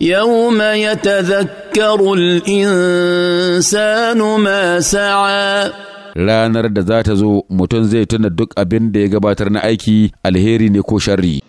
يوم يتذكر الإنسان ما سعى ranar da za ta zo mutum zai tuna duk abin da ya gabatar na aiki alheri ne ko sharri